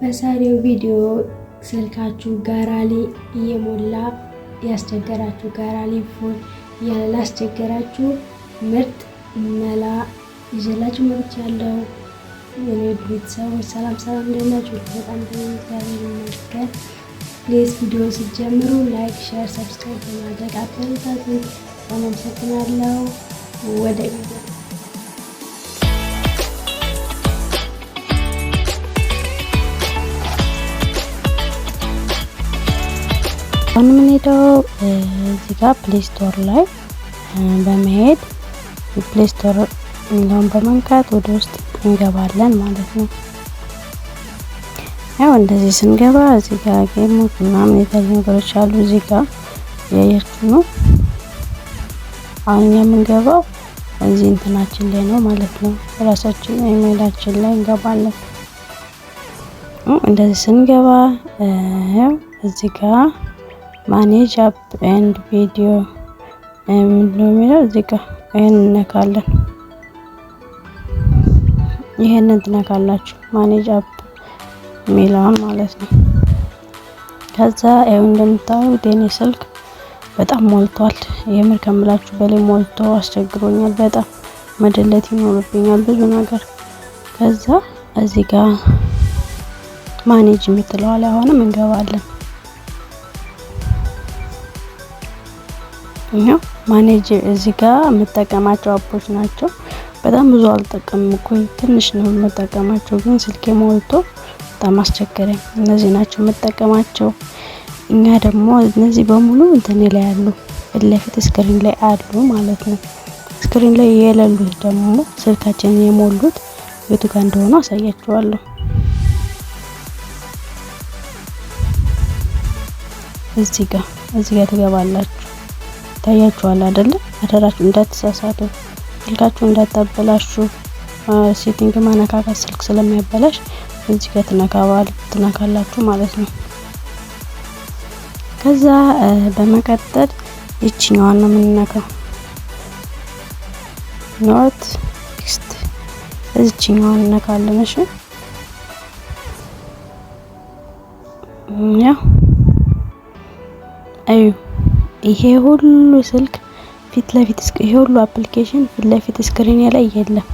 በዛሬው ቪዲዮ ስልካችሁ ጋራሊ እየሞላ ያስቸገራችሁ፣ ጋራሊ ፎን ያላስቸገራችሁ ምርጥ መላ ይዘላችሁ መብት ያለው የኔ ቤተሰቦች ሰላም ሰላም፣ እንደናችሁ በጣም በእግዚአብሔር ይመስገን። ፕሌስ ቪዲዮ ሲጀምሩ ላይክ፣ ሼር፣ ሰብስክራይብ በማድረግ አበረታቱኝ። በማመሰግናለሁ ወደ ቪዲዮ አሁን የምንሄደው እዚህ ጋር ፕሌይ ስቶር ላይ በመሄድ ፕሌይ ስቶር የሚለውን በመንካት ወደ ውስጥ እንገባለን ማለት ነው። ያው እንደዚህ ስንገባ እዚህ ጋር ጌሞች ምናምን የተለያዩ ነገሮች አሉ። እዚህ ጋር ነው። አሁን የምንገባው እዚህ እንትናችን ላይ ነው ማለት ነው። ራሳችን ኢሜይላችን ላይ እንገባለን። እንደዚህ ስንገባ እዚህ ጋር ማኔጅ አፕ ኤንድ ቪዲዮ ምንድነው የሚለው እዚህ ጋር ይህን እነካለን። ይህንን ትነካላችሁ ማኔጅ አፕ የሚለውን ማለት ነው። ከዛ ይኸው እንደምታዩት የኔ ስልክ በጣም ሞልቷል። የምር ከምላችሁ በላይ ሞልቶ አስቸግሮኛል። በጣም መደለት ይኖርብኛል ብዙ ነገር። ከዛ እዚህ ጋር ማኔጅ የምትለዋል አሁንም እንገባለን። ይኸው ማኔጅ እዚህ ጋር የምጠቀማቸው አፖች ናቸው። በጣም ብዙ አልጠቀምም እኮ ትንሽ ነው የምጠቀማቸው፣ ግን ስልኬ ሞልቶ በጣም አስቸገረኝ። እነዚህ ናቸው የምጠቀማቸው። እኛ ደግሞ እነዚህ በሙሉ እንትኔ ላይ አሉ፣ ፊት ለፊት ስክሪን ላይ አሉ ማለት ነው። ስክሪን ላይ የሌሉት ደግሞ ስልካችን የሞሉት ቤቱ ጋር እንደሆኑ አሳያችኋለሁ። እዚህ ጋር እዚህ ጋር ትገባላችሁ ይታያችኋል አይደለ? አደራችሁ እንዳትሳሳቱ፣ ስልካችሁ እንዳታበላሹ። ሴቲንግ ማነካካት ስልክ ስለሚያበላሽ እዚህ ጋር ትነካባል ትነካላችሁ ማለት ነው። ከዛ በመቀጠል ይችኛዋን ነው የምንነካው። ኖት ቴክስት እዚችኛዋን እነካለን። እሺ ያው እዩ ይሄ ሁሉ ስልክ ፊት ለፊት ይሄ ሁሉ አፕሊኬሽን ፊት ለፊት ስክሪኔ ላይ የለም፣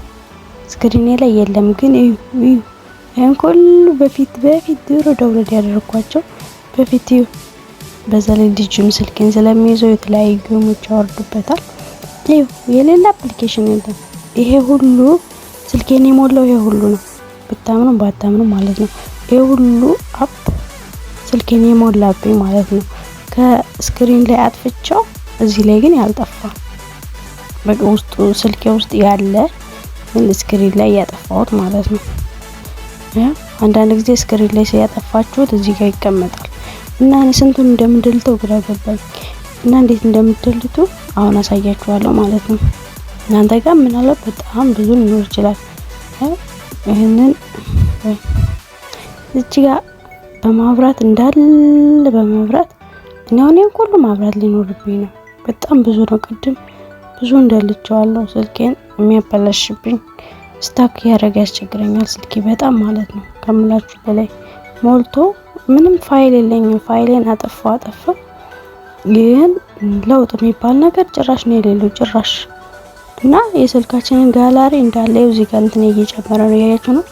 ስክሪኔ ላይ የለም። ግን እዩ እዩ፣ ይሄን ሁሉ በፊት በፊት ድሮ ደውለድ ያደረኳቸው በፊት እዩ። በዛ ላይ ልጅም ስልኬን ስለሚይዘው የተለያዩ ጌሞች ያወርዱበታል። እዩ፣ የሌላ አፕሊኬሽን የለም። ይሄ ሁሉ ስልኬን የሞላው ይሄ ሁሉ ነው፣ ብታምኑ ባታምኑ ማለት ነው። ይሄ ሁሉ አፕ ስልኬን የሞላብኝ ማለት ነው። ከስክሪን ላይ አጥፍቸው። እዚህ ላይ ግን ያልጠፋ ውስጡ ስልኬ ውስጥ ያለ ግን ስክሪን ላይ ያጠፋሁት ማለት ነው። አንዳንድ ጊዜ ስክሪን ላይ ያጠፋችሁት እዚህ ጋር ይቀመጣል እና እኔ ስንቱን እንደምደልተው ግራ ገባኝ እና እንዴት እንደምደልቱ አሁን አሳያችኋለሁ ማለት ነው። እናንተ ጋር ምናለው በጣም ብዙ ሊኖር ይችላል። ይህንን እዚህ ጋር በማብራት እንዳለ በማብራት እኔ አሁን ሁሉ ማብራት ሊኖርብኝ ነው። በጣም ብዙ ነው። ቅድም ብዙ እንዳልቸዋለሁ ስልኬን የሚያበላሽብኝ ስታክ ያደረገ ያስቸግረኛል ስልኬ በጣም ማለት ነው ከምላችሁ በላይ ሞልቶ ምንም ፋይል የለኝም። ፋይሌን አጠፋ አጠፋ ግን ለውጥ የሚባል ነገር ጭራሽ ነው የሌለው ጭራሽ እና የስልካችንን ጋላሪ እንዳለ እዚህ ጋር እንትን እየጨመረ ነው ያያችሁ ነው።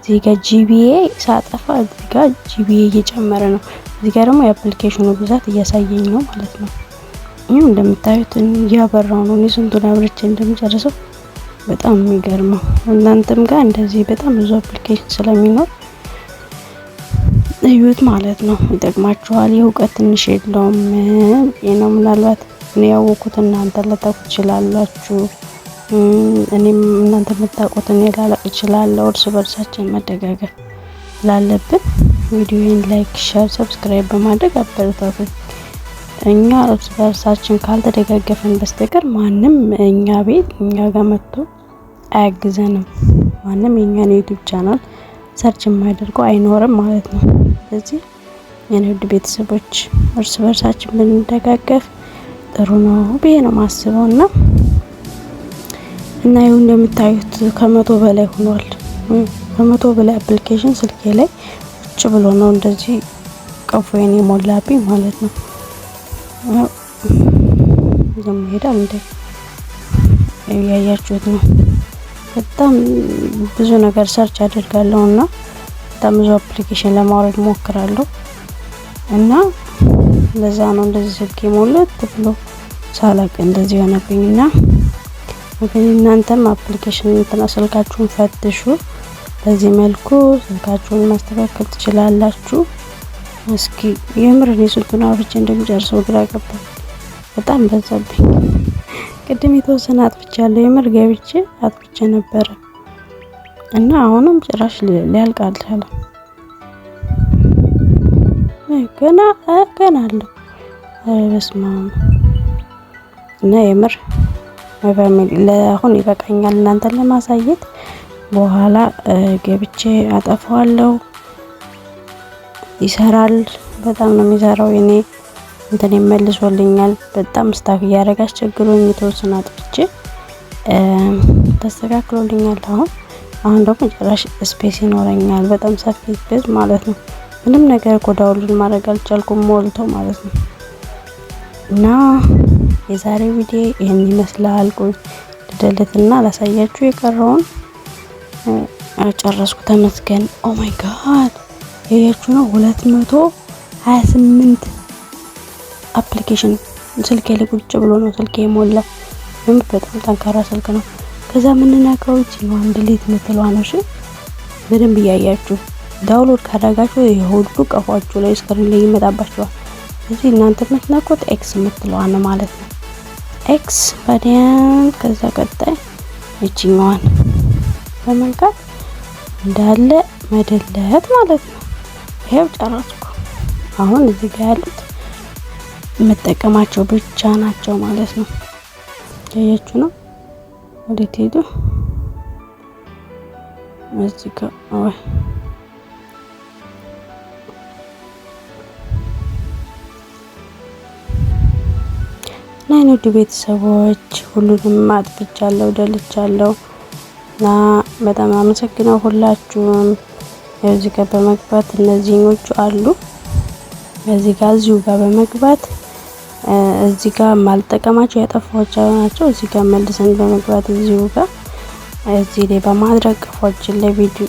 እዚህ ጋር ጂቢኤ ሳጠፋ እዚህ ጋር ጂቢኤ እየጨመረ ነው። እዚህ ጋር ደግሞ የአፕሊኬሽኑ ብዛት እያሳየኝ ነው ማለት ነው። ይህም እንደምታዩት እያበራው ነው። እኔ ስንቱን አብርቼ እንደምጨርሰው በጣም የሚገርመው። እናንተም ጋር እንደዚህ በጣም ብዙ አፕሊኬሽን ስለሚኖር እዩት ማለት ነው። ይጠቅማችኋል። የእውቀት ትንሽ የለውም ነው። ምናልባት እኔ ያወቁት እናንተ ልታውቁ ትችላላችሁ። እኔም እናንተ የምታውቁት እኔ ላላቅ እችላለሁ። እርስ በርሳችን መደጋገፍ ላለብን ቪዲዮን ላይክ፣ ሸር፣ ሰብስክራይብ በማድረግ አበረታቱ። እኛ እርስ በርሳችን ካልተደጋገፈን በስተቀር ማንም እኛ ቤት እኛ ጋር መጥቶ አያግዘንም። ማንም የእኛን ዩቲዩብ ቻናል ሰርች የማያደርገው አይኖርም ማለት ነው። ስለዚህ የኔ ውድ ቤተሰቦች እርስ በርሳችን ብንደጋገፍ ጥሩ ነው ብዬ ነው ማስበው እና እና ይሁን እንደምታዩት ከመቶ በላይ ሆኗል። ከመቶ በላይ አፕሊኬሽን ስልኬ ላይ ቁጭ ብሎ ነው እንደዚህ ቀፎዬን የሞላብኝ ማለት ነው። ዝም ይሄዳል እንዴ! እያያችሁት ነው። በጣም ብዙ ነገር ሰርች አድርጋለሁ እና በጣም ብዙ አፕሊኬሽን ለማውረድ ሞክራለሁ እና ለዛ ነው እንደዚህ ስልክ የሞላት ብሎ ሳላቅ እንደዚህ ሆነብኝና፣ እንግዲህ እናንተም አፕሊኬሽን እንትና ስልካችሁን ፈትሹ። በዚህ መልኩ ስልካችሁን ማስተካከል ትችላላችሁ። እስኪ የምር እኔ ስልኩን አውርቼ እንደሚጨርሰው ግራ ገባኝ። በጣም በዛብኝ። ቅድም የተወሰነ አጥፍቻለሁ። የምር ገብቼ አጥፍቼ ነበረ እና አሁንም ጭራሽ ሊያልቅ አልቻለም። ገና ገና አለ። በስመ አብ እና የምር ለአሁን ይበቃኛል እናንተን ለማሳየት በኋላ ገብቼ አጠፋዋለሁ። ይሰራል። በጣም ነው የሚሰራው። እኔ እንትን ይመልሶልኛል። በጣም ስታፍ እያደረገ አስቸግሮኝ የተወሰነ አጥፍቼ ተስተካክሎልኛል። አሁን አሁን ደግሞ ጭራሽ ስፔስ ይኖረኛል። በጣም ሰፊ ስፔስ ማለት ነው። ምንም ነገር ኮዳውልን ማድረግ አልቻልኩም ሞልቶ ማለት ነው። እና የዛሬ ቪዲዮ ይህን ይመስላል። ቆይ ልደልትና ላሳያችሁ የቀረውን ጨረስኩ። ተመስገን። ኦ ማይ ጋድ ያያችሁ ነው። 228 አፕሊኬሽን ስልኬ ላይ ቁጭ ብሎ ነው ስልኬ ምን በጣም ጠንካራ ስልክ ነው። ከዛ የምንነካው እቺ ነው ድሊት የምትለዋ ነው። እሺ በደንብ እያያችሁ ዳውንሎድ ካደረጋችሁ ይሄ ሁሉ ቀፏችሁ ላይ ስክሪን ላይ ይመጣባችኋል። ስለዚህ እናንተ የምትነኩት ኤክስ የምትለዋ ነው ማለት ነው። ኤክስ ባዲያን ከዛ ቀጣይ እቺኛዋን በመንካት እንዳለ መደለት ማለት ነው። ይሄው ጨረስኩ። አሁን እዚህ ጋር ያሉት የምጠቀማቸው ብቻ ናቸው ማለት ነው። ያያችሁ ነው። ወዴት ሄዱ? እዚህ ጋር አይ እና ውድ ቤተሰቦች ሁሉንም አጥፍቻለሁ፣ ደልቻለሁ። እና በጣም አመሰግነው ሁላችሁም። እዚህ ጋር በመግባት እነዚህኞቹ አሉ። እዚህ ጋር እዚሁ ጋር በመግባት እዚህ ጋር ማልጠቀማቸው ያጠፋኋቸው ናቸው። እዚህ ጋር መልሰን በመግባት እዚሁ ጋር እዚህ ላይ በማድረግ ፎችን ለቪዲዮ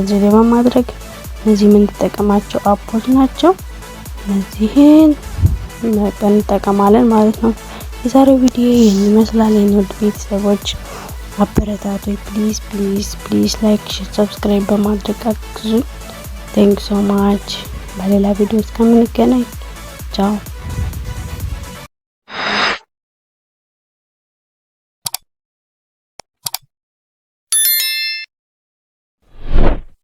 እዚህ ላይ በማድረግ እነዚህ የምንጠቀማቸው አፖች ናቸው። እነዚህን እንጠቀማለን ማለት ነው። የዛሬው ቪዲዮ ይህን ይመስላል የኔ ውድ ቤተሰቦች። አበረታቱ። ፕሊዝ ፕሊዝ ፕሊዝ ላይክ፣ ሰብስክራይብ በማድረግ አግዙ። ቴንክ ሶ ማች። በሌላ ቪዲዮ እስከምንገናኝ ቻው።